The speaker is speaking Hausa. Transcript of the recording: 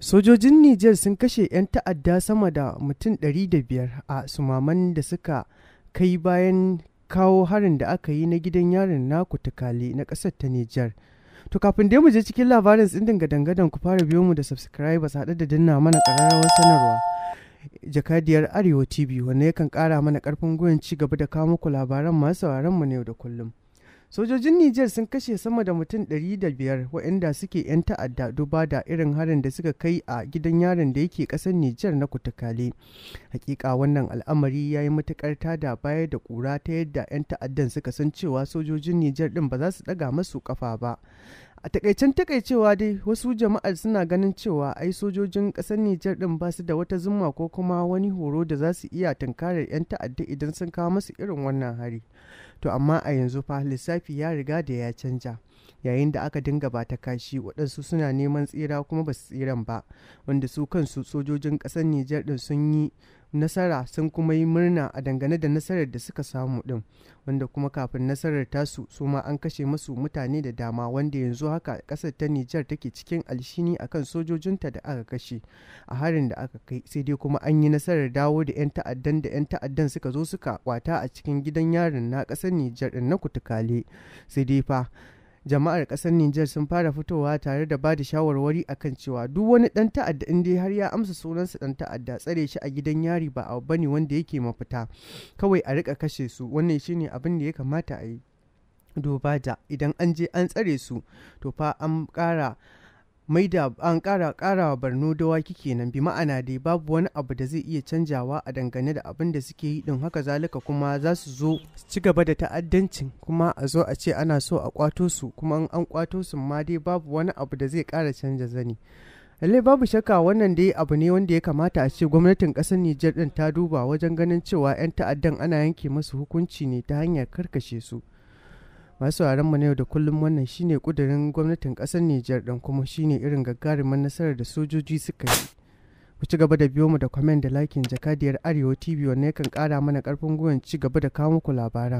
sojojin niger sun kashe 'yan ta'adda sama da mutum 500 a sumaman da suka kai bayan kawo harin da aka yi na gidan yarin na takali na kasar ta niger to kafin dai mu je cikin labarin tsindin gadangadan ku fara biyo mu da subscribers haɗe da dinna mana ƙararrawar sanarwa jakadiyar arewa tv wanda yakan ƙara mana ƙarfin gwiwan ci gaba da kawo muku labaran masu sauraron mu ne da kullum sojojin niger sun kashe sama da mutum 500 waɗanda suke 'yan ta'adda duba da irin harin da suka kai a gidan yaron da yake ƙasar niger na kutukale hakika wannan al'amari ya yi matukar da baya da kura ta yadda 'yan ta'addan suka san cewa sojojin niger ɗin ba za su ɗaga masu kafa ba a takaicen takaicewa dai wasu jama'ar suna ganin cewa ai sojojin kasar Nijar ɗin ba su da wata zuma ko kuma wani horo da za su iya tunkarar 'yan ta'adda idan sun kawo masu irin wannan hari to amma a yanzu fa lissafi ya riga da ya canja yayin da aka dinga ba ta kashi waɗansu suna neman tsira kuma ba su tsiran ba wanda su kansu sojojin ƙasar nijar ɗin sun yi nasara sun kuma yi murna a dangane da nasarar da suka samu ɗin wanda kuma kafin nasarar tasu su ma an kashe masu mutane da dama wanda yanzu haka ƙasar ta nijar take cikin alshini akan sojojinta da aka kashe a harin da aka kai sai dai kuma an yi nasarar dawo da 'yan ta'addan da 'yan ta'addan suka zo suka kwata a cikin gidan yarin na ƙasar nijar ɗin na kutukale sai dai fa jama'ar kasar Nijar sun fara fitowa tare da ba da shawarwari akan cewa duk wani dan ta'adda in dai har ya amsa sunansa dan ta'adda tsare shi a gidan yari ba abu bane wanda yake mafita kawai a rika kashe su wannan shine abin da ya kamata a yi duba da idan an je an tsare su to fa an kara mai da an kara ƙarawa barno da waki kenan bi ma'ana dai babu wani abu da zai iya canjawa a dangane da abin da suke yi din haka zalika kuma za su zo ci gaba da ta'addancin kuma a zo a ce ana so a kwato su kuma an kwato su ma dai babu wani abu da zai kara canja zani lallai babu shakka wannan dai abu ne wanda ya kamata a ce gwamnatin kasar Nijar din ta duba wajen ganin cewa 'yan ta'addan ana yanke musu hukunci ne ta hanyar karkashe su masu mu na yau da kullum wannan shine kudirin gwamnatin kasar Nijar dan kuma shine irin gagarumin nasarar da sojoji suka yi. Ku ci gaba da biyo mu da comment da lakin jakadiyar Arewa TV wanne yakan kara mana karfin gwiwa ci gaba da kawo muku labaran.